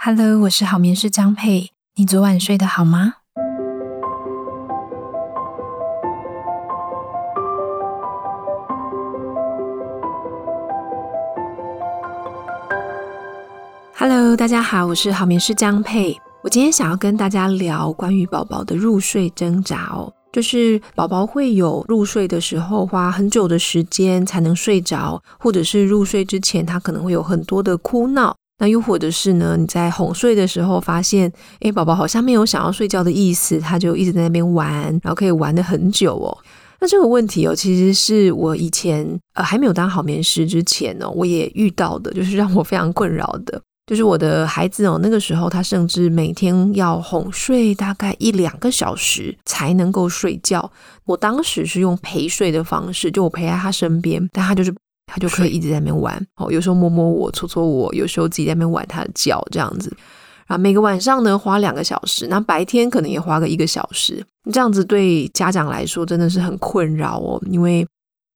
Hello，我是好眠師江佩，你昨晚睡得好嗎？Hello，大家好，我是好眠師江佩。我今天想要跟大家聊關於寶寶的入睡掙扎哦，就是寶寶會有入睡的時候花很久的時間才能睡着，或者是入睡之前他可能會有很多的哭鬧。那又或者是呢？你在哄睡的時候發現，哎，寶寶好像沒有想要睡覺的意思，他就一直在那邊玩，然後可以玩的很久哦。那這個問題哦，其實是我以前呃還沒有當好眠師之前呢，哦，我也遇到的，就是讓我非常困擾的，就是我的孩子哦，那個時候他甚至每天要哄睡大概一兩個小時才能夠睡覺。我當時是用陪睡的方式，就我陪在他身邊，但他就是。他就可以一直在那邊玩哦，有時候摸摸我，搓搓我，有時候自己在那邊玩他的腳這樣子。然後每個晚上呢，花兩個小時，那白天可能也花個一個小時，這樣子對家長來說真的是很困擾哦，因為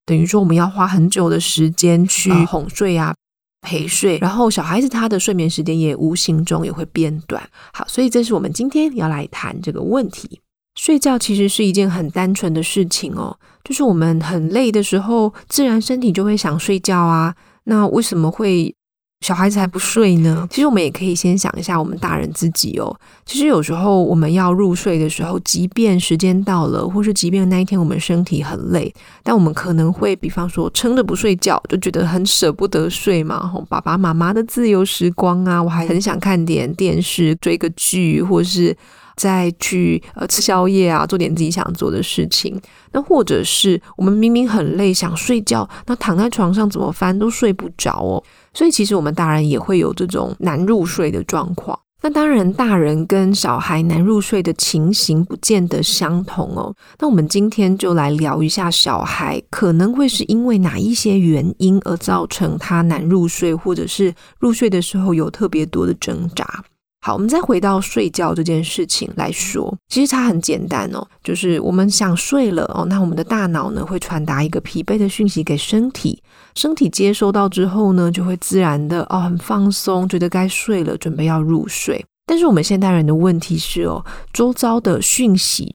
等於說我們要花很久的時間去、呃、哄睡啊、陪睡，然後小孩子他的睡眠時間也無形中也會變短。好，所以這是我們今天要來談這個問題。睡覺其實是一件很單純的事情哦，就是我們很累的時候，自然身體就會想睡覺啊。那為什麼會小孩子還不睡呢？其實我們也可以先想一下我們大人自己哦。其實有時候我們要入睡的時候，即便時間到了，或是即便那一天我們身體很累，但我們可能會比方說撐着不睡覺，就覺得很舍不得睡嘛，哦。爸爸媽媽的自由時光啊，我還很想看點電視，追個劇，或是。再去呃吃宵夜啊，做點自己想做的事情。那或者是我們明明很累，想睡覺，那躺在床上怎麼翻都睡不着哦。所以其實我們大人也會有這種難入睡的狀況。那當然，大人跟小孩難入睡的情形不見得相同哦。那我們今天就來聊一下，小孩可能會是因為哪一些原因而造成他難入睡，或者是入睡的時候有特別多的掙扎。好，我們再回到睡覺這件事情來說，其實它很簡單哦、喔，就是我們想睡了哦、喔，那我們的大腦呢，會傳達一個疲憊的訊息給身體，身體接收到之後呢，就會自然的哦、喔、很放鬆，覺得該睡了，準備要入睡。但是我們現代人的問題是哦、喔，周遭的訊息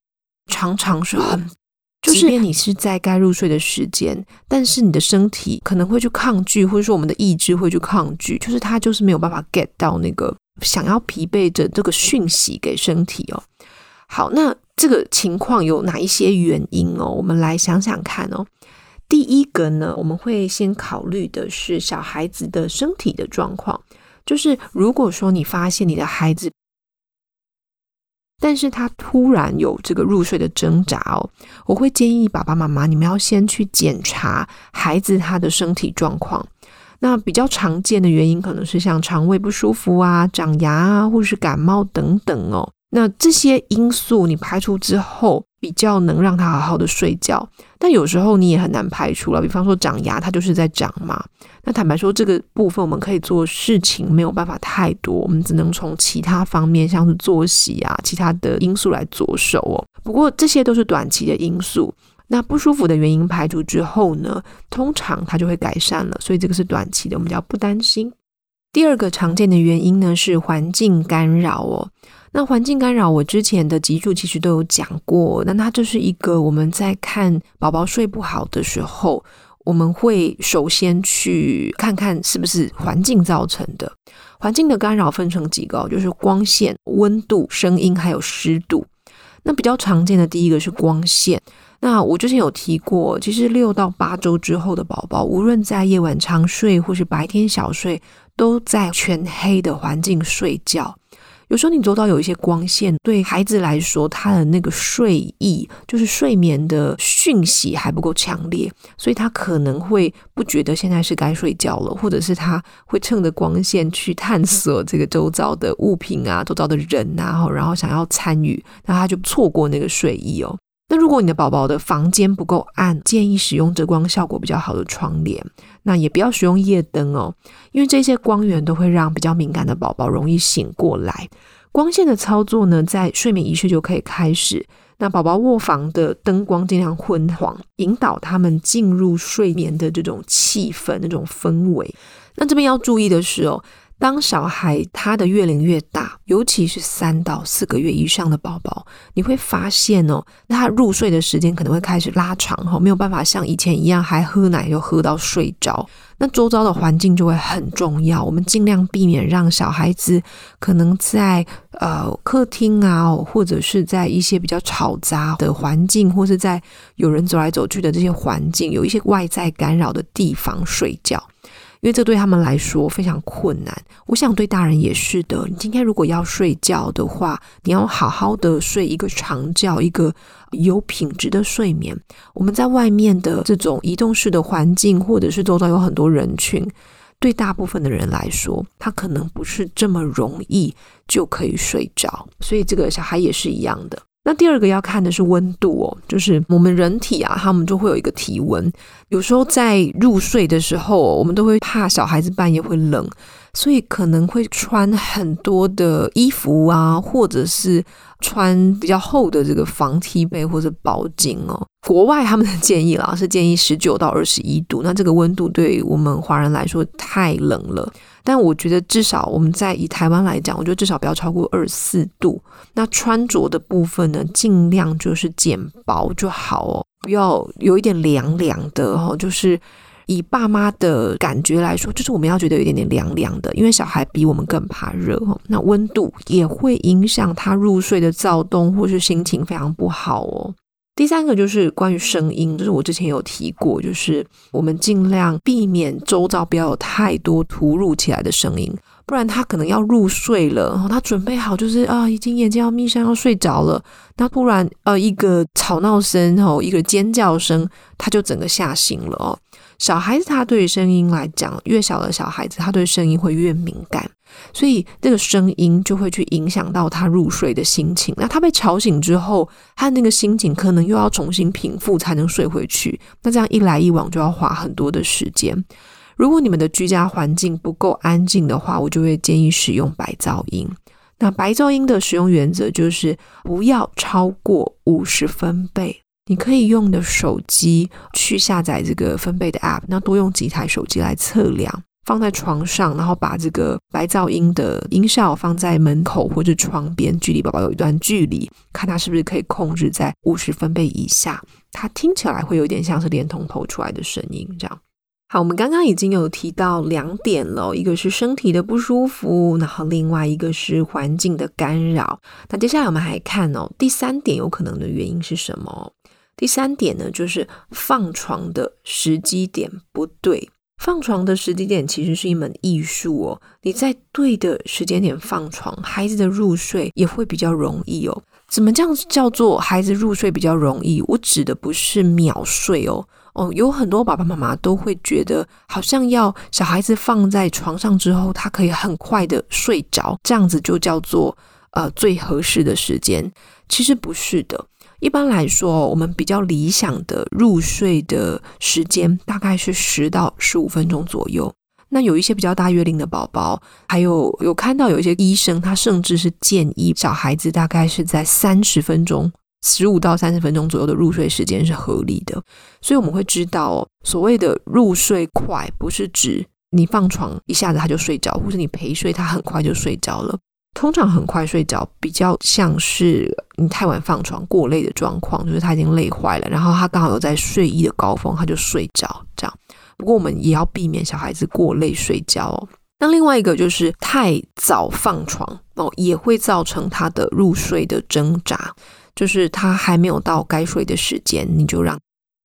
常常是很、啊，就是即便你是在該入睡的時間，但是你的身體可能會去抗拒，或者說我們的意志會去抗拒，就是它就是沒有辦法 get 到那個。想要疲憊的這個訊息給身體哦。好，那這個情況有哪一些原因哦？我們來想想看哦。第一個呢，我們會先考慮的是小孩子的身體的狀況，就是如果說你發現你的孩子，但是他突然有這個入睡的掙扎哦，我會建議爸爸媽媽你們要先去檢查孩子他的身體狀況。那比較常見的原因可能是像腸胃不舒服啊、長牙啊，或者是感冒等等哦。那這些因素你排除之後，比較能讓他好好的睡覺。但有時候你也很難排除了，比方說長牙，它就是在長嘛。那坦白說，這個部分我們可以做事情沒有辦法太多，我們只能從其他方面，像是作息啊、其他的因素來着手哦。不過這些都是短期的因素。那不舒服的原因排除之後呢，通常它就會改善了，所以這個是短期的，我們比較不擔心。第二個常見的原因呢是環境干擾哦。那環境干擾，我之前的集數其實都有講過。那它就是一個我們在看寶寶睡不好的時候，我們會首先去看看是不是環境造成的。環境的干擾分成幾個哦，就是光線、溫度、聲音還有濕度。那比較常見的第一個是光線。那我之前有提過，其實六到八週之後的寶寶，無論在夜晚長睡或是白天小睡，都在全黑的環境睡覺。有時候你周遭有一些光線，對孩子來說，他的那個睡意就是睡眠的訊息還不夠強烈，所以他可能會不覺得現在是該睡覺了，或者是他會趁着光線去探索這個周遭的物品啊、周遭的人啊，然後想要參與，那他就錯過那個睡意哦。如果你的寶寶的房間不夠暗，建議使用遮光效果比較好的窗簾。那也不要使用夜燈哦，因為這些光源都會讓比較敏感的寶寶容易醒過來。光線的操作呢，在睡眠儀式就可以開始。那寶寶臥房的燈光儘量昏黃，引導他們進入睡眠的這種氣氛、那種氛圍。那這邊要注意的是哦。當小孩他的月齡越大，尤其是三到四個月以上的寶寶，你會發現哦，他入睡的時間可能會開始拉長哈，沒有辦法像以前一樣，還喝奶又喝到睡着。那周遭的環境就會很重要，我們盡量避免讓小孩子可能在呃客廳啊，或者是在一些比較吵雜的環境，或是在有人走來走去的這些環境，有一些外在干擾的地方睡覺。因為這對他們來說非常困難，我想對大人也是的。你今天如果要睡覺的話，你要好好的睡一個長覺，一個有品質的睡眠。我們在外面的這種移動式的環境，或者是周遭有很多人群，對大部分的人來說，他可能不是這麼容易就可以睡着，所以這個小孩也是一樣的。那第二個要看的是溫度哦，就是我們人體啊，他們就會有一個體溫。有時候在入睡的時候，我們都會怕小孩子半夜會冷，所以可能會穿很多的衣服啊，或者是穿比較厚的這個防踢被或者包巾哦。國外他們的建議啦，是建議十九到二十一度。那這個溫度對我們華人來說太冷了。但我覺得至少我們在以台灣來講，我覺得至少不要超過二十四度。那穿着的部分呢，盡量就是減薄就好哦，不要有一點涼涼的哈、哦。就是以爸媽的感覺來說，就是我們要覺得有一點點涼涼的，因為小孩比我們更怕熱哈、哦。那溫度也會影響他入睡的躁動，或是心情非常不好哦。第三個就是關於聲音，就是我之前有提過，就是我們盡量避免周遭不要有太多突如其來的聲音，不然他可能要入睡了，然後、哦、他準備好就是啊、哦，已經眼睛要眯上，要睡着了，那突然呃一個吵鬧聲哦，一個尖叫聲，他就整個嚇醒了哦。小孩子他對於聲音來講，越小的小孩子他對聲音會越敏感。所以這個聲音就會去影響到他入睡的心情。那他被吵醒之後，他的那個心情可能又要重新平復才能睡回去。那這樣一來一往就要花很多的時間。如果你們的居家環境不夠安靜的話，我就會建議使用白噪音。那白噪音的使用原則就是不要超過五十分貝。你可以用你的手機去下載這個分貝的 app，那多用幾台手機來測量，放在床上，然後把這個白噪音的音效放在門口或者窗邊，距離寶寶有一段距離，看它是不是可以控制在五十分貝以下。它聽起來會有點像是連通透出來的聲音，這樣。好，我們剛剛已經有提到兩點了，一個是身體的不舒服，然後另外一個是環境的干擾。那接下來我們還看哦，第三點有可能的原因是什麼？第三點呢，就是放床的時機點不對。放床的時間點其實是一門藝術哦。你在對的時間點放床，孩子的入睡也會比較容易哦。怎麼這樣子叫做孩子入睡比較容易？我指的不是秒睡哦。哦，有很多爸爸媽媽都會覺得，好像要小孩子放在床上之後，他可以很快的睡着，這樣子就叫做呃最合適的時間。其實不是的。一般來說，我們比較理想的入睡的時間大概是十到十五分鐘左右。那有一些比較大月齡的寶寶，還有有看到有一些醫生，他甚至是建議小孩子大概是在三十分鐘，十五到三十分鐘左右的入睡時間是合理的。所以我們會知道，所謂的入睡快，不是指你放床一下子他就睡着，或者你陪睡他很快就睡着了。通常很快睡着，比較像是你太晚放床，過累的狀況，就是他已經累壞了，然後他剛好有在睡意的高峰，他就睡着這樣。不過我們也要避免小孩子過累睡覺哦。那另外一個就是太早放床哦，也會造成他的入睡的掙扎，就是他還沒有到該睡的時間，你就讓。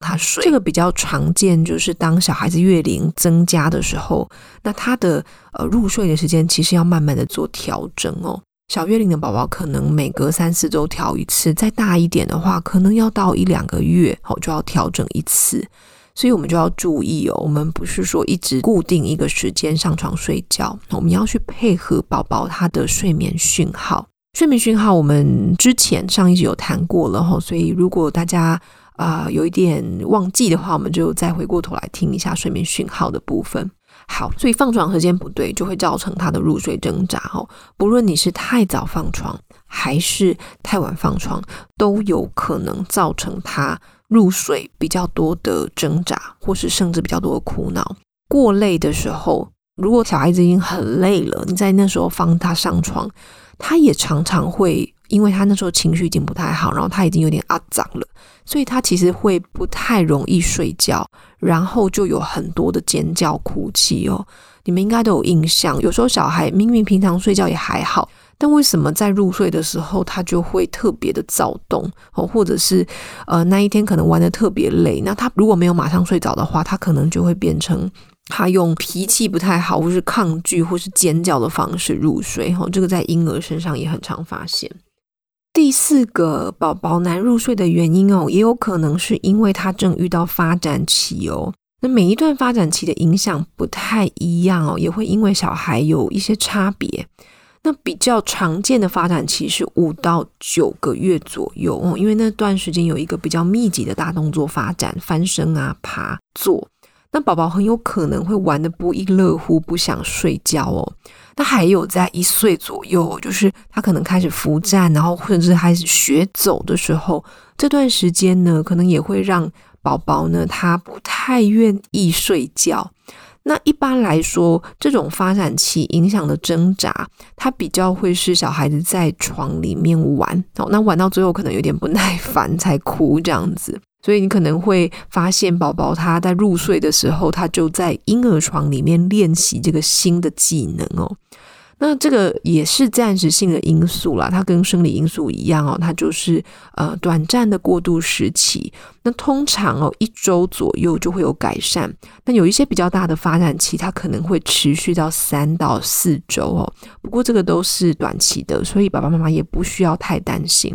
他睡這個比較常見，就是當小孩子月齡增加的時候，那他的呃入睡的時間其實要慢慢的做調整哦。小月齡的寶寶可能每隔三四周調一次，再大一點的話，可能要到一兩個月哦就要調整一次。所以我們就要注意哦，我們不是說一直固定一個時間上床睡覺，我們要去配合寶寶他的睡眠訊號。睡眠訊號我們之前上一集有談過了哦，所以如果大家。啊、呃，有一點忘記的話，我們就再回過頭來聽一下睡眠訊號的部分。好，所以放床時間不對，就會造成他的入睡掙扎哦。不論你是太早放床，還是太晚放床，都有可能造成他入睡比較多的掙扎，或是甚至比較多的苦惱。過累的時候，如果小孩子已經很累了，你在那時候放他上床，他也常常會因為他那時候情緒已經不太好，然後他已經有點啊髒了。所以他其實會不太容易睡覺，然後就有很多的尖叫、哭泣哦。你們應該都有印象，有時候小孩明明平常睡覺也還好，但為什麼在入睡的時候他就會特別的躁動哦？或者是呃那一天可能玩得特別累，那他如果沒有馬上睡着的話，他可能就會變成他用脾氣不太好，或是抗拒，或是尖叫的方式入睡。哦，這個在嬰兒身上也很常發現。第四個，寶寶難入睡的原因哦，也有可能是因為他正遇到發展期哦。那每一段發展期的影響不太一樣哦，也會因為小孩有一些差別。那比較常見的發展期是五到九個月左右哦，嗯，因為那段時間有一個比較密集的大動作發展，翻身啊、爬、坐。那寶寶很有可能會玩得不亦樂乎，不想睡覺哦。那還有在一歲左右，就是他可能開始扶站，然後甚至開始學走的時候，這段時間呢，可能也會讓寶寶呢，他不太願意睡覺。那一般來說，這種發展期影響的掙扎，他比較會是小孩子在床裡面玩哦，那玩到最後可能有點不耐煩才哭這樣子。所以你可能會發現，寶寶他在入睡的時候，他就在嬰兒床裡面練習這個新的技能哦。那這個也是暫時性的因素啦，它跟生理因素一樣哦，它就是呃短暫的過渡時期。那通常哦一周左右就會有改善。那有一些比較大的發展期，它可能會持續到三到四周哦。不過這個都是短期的，所以爸爸媽媽也不需要太擔心。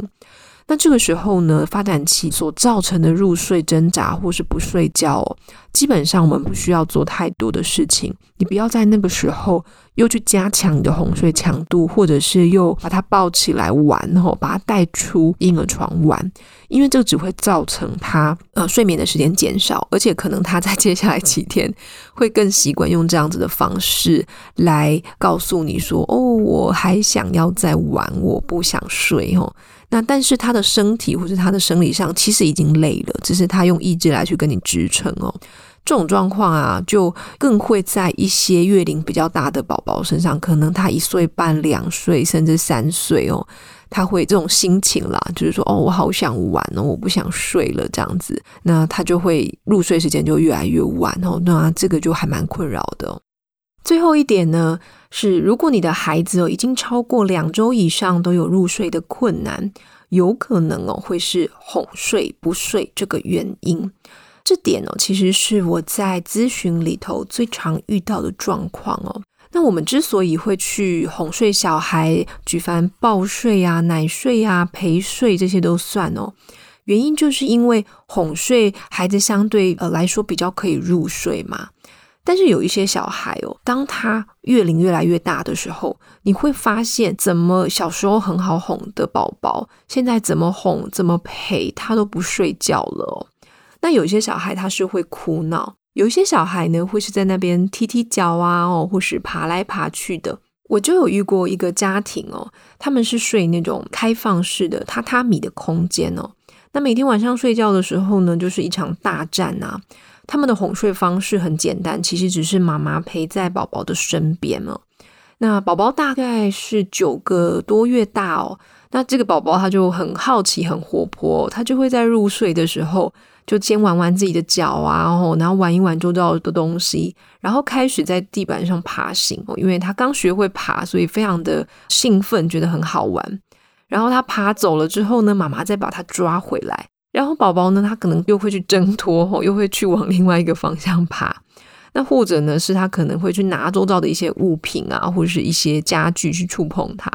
那這個時候呢，發展期所造成的入睡掙扎或是不睡覺、哦，基本上我們不需要做太多的事情。你不要在那個時候又去加強你的哄睡強度，或者是又把他抱起來玩、哦，吼，把他帶出嬰兒床玩，因為這只會造成他呃睡眠的時間減少，而且可能他在接下來幾天會更習慣用這樣子的方式來告訴你說：“哦，我還想要再玩，我不想睡、哦。”吼。那但是他的身體或者他的生理上其實已經累了，只是他用意志來去跟你支撐哦。這種狀況啊，就更會在一些月齡比較大的寶寶身上，可能他一歲半、兩歲甚至三歲哦，他會這種心情啦，就是說哦，我好想玩哦，我不想睡了這樣子，那他就會入睡時間就越來越晚哦。那這個就還蠻困擾的哦。最後一點呢？是，如果你的孩子哦已經超過兩周以上都有入睡的困難，有可能哦會是哄睡不睡這個原因。這點哦其實是我在諮詢裡頭最常遇到的狀況哦。那我們之所以會去哄睡小孩，舉凡抱睡啊、奶睡啊、陪睡這些都算哦，原因就是因為哄睡孩子相對呃來說比較可以入睡嘛。但是有一些小孩哦，當他月齡越來越大的時候，你會發現，怎麼小時候很好哄的寶寶，現在怎麼哄、怎麼陪他都不睡覺了哦。那有些小孩他是會哭鬧，有一些小孩呢會是在那邊踢踢腳啊，哦，或是爬來爬去的。我就有遇過一個家庭哦，他們是睡那種開放式的榻榻米的空間哦，那每天晚上睡覺的時候呢，就是一場大戰啊。他們的哄睡方式很簡單，其實只是媽媽陪在寶寶的身邊哦。那寶寶大概是九個多月大哦。那這個寶寶他就很好奇、很活潑，他就會在入睡的時候就先玩玩自己的腳啊，然後玩一玩周遭的東西，然後開始在地板上爬行。因為他剛學會爬，所以非常的興奮，覺得很好玩。然後他爬走了之後呢，媽媽再把他抓回來。然後寶寶呢，他可能又會去掙脫，又會去往另外一個方向爬，那或者呢，是他可能會去拿周遭的一些物品啊，或者是一些家具去觸碰它，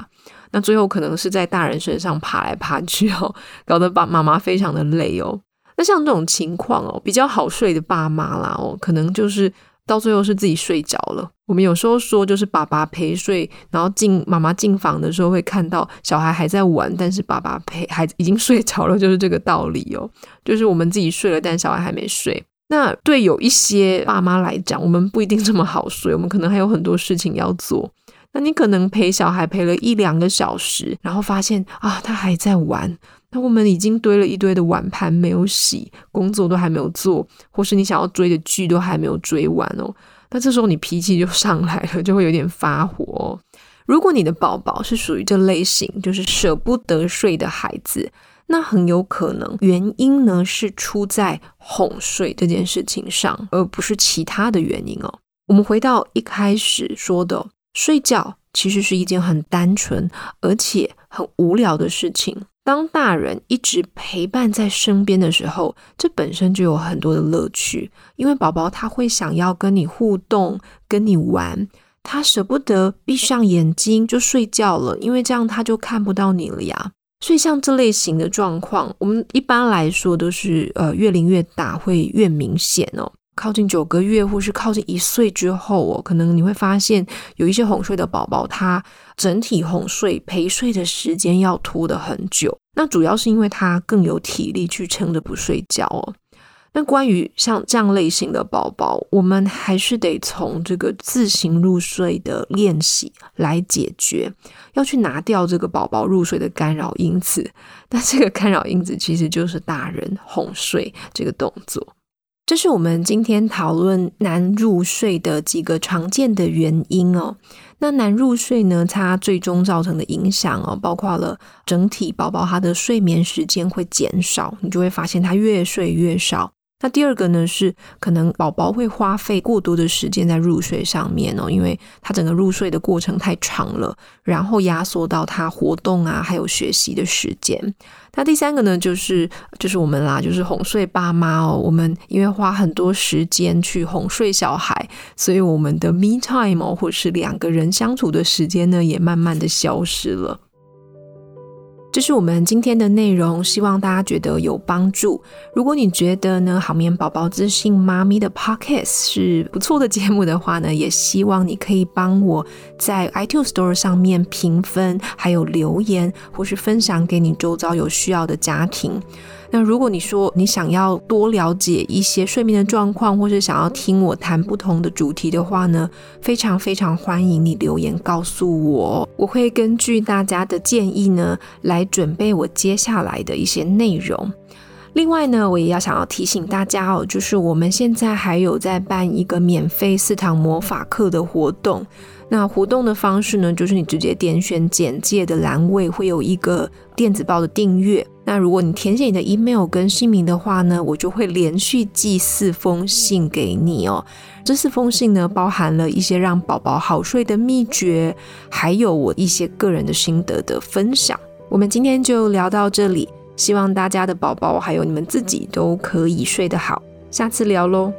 那最後可能是在大人身上爬來爬去，哦，搞得爸爸媽媽非常的累哦。那像這種情況哦，比較好睡的爸媽啦，哦，可能就是。到最後是自己睡着了。我們有時候說就是爸爸陪睡，然後進媽媽進房的時候會看到小孩還在玩，但是爸爸陪孩子已經睡着了，就是這個道理哦。就是我們自己睡了，但小孩還沒睡。那對有一些爸媽來講，我們不一定這麼好睡，我們可能還有很多事情要做。那你可能陪小孩陪了一兩個小時，然後發現啊，他還在玩。那我們已經堆了一堆的碗盤沒有洗，工作都還沒有做，或是你想要追的劇都還沒有追完哦。那這時候你脾氣就上來了，就會有點發火哦。如果你的寶寶是屬於這類型，就是捨不得睡的孩子，那很有可能原因呢是出在哄睡這件事情上，而不是其他的原因哦。我們回到一開始說的，睡覺其實是一件很單純而且很無聊的事情。當大人一直陪伴在身邊的時候，這本身就有很多的樂趣。因為寶寶他會想要跟你互動、跟你玩，他舍不得閉上眼睛就睡覺了，因為這樣他就看不到你了呀。所以像這類型的狀況，我們一般來說都是呃月齡越大，會越明顯哦。靠近九個月或是靠近一歲之後，哦，可能你會發現有一些哄睡的寶寶，他整體哄睡陪睡的時間要拖得很久。那主要是因為他更有體力去撐着不睡覺哦。那關於像這樣類型的寶寶，我們還是得從這個自行入睡的練習來解決，要去拿掉這個寶寶入睡的干擾因子。那這個干擾因子其實就是大人哄睡這個動作。這是我們今天討論難入睡的幾個常見的原因哦。那難入睡呢，它最終造成的影響哦，包括了整體寶寶他的睡眠時間會減少，你就會發現他越睡越少。那第二個呢，是可能寶寶會花費過多的時間在入睡上面哦，因為他整個入睡的過程太長了，然後壓縮到他活動啊，還有學習的時間。那第三個呢，就是就是我們啦、啊，就是哄睡爸媽哦，我們因為花很多時間去哄睡小孩，所以我們的 me time 哦，或是兩個人相處的時間呢，也慢慢的消失了。這是我們今天的內容，希望大家覺得有幫助。如果你覺得呢，好眠寶寶自信媽咪的 Podcast 是不錯的節目的話呢，也希望你可以幫我在 iTunes Store 上面評分，還有留言，或是分享給你周遭有需要的家庭。那如果你說你想要多了解一些睡眠的狀況，或是想要聽我談不同的主題的話呢，非常非常歡迎你留言告訴我。我會根據大家的建議呢，來準備我接下來的一些內容。另外呢，我也要想要提醒大家哦，就是我們現在還有在辦一個免費四堂魔法課的活動。那活動的方式呢，就是你直接點選簡介的欄位，會有一個電子報的訂閱。那如果你填寫你的 email 跟姓名的話呢，我就會連續寄四封信給你哦。這四封信呢，包含了一些讓寶寶好睡的秘訣，還有我一些個人的心得的分享。我們今天就聊到這裡。希望大家的寶寶還有你們自己都可以睡得好，下次聊嘍。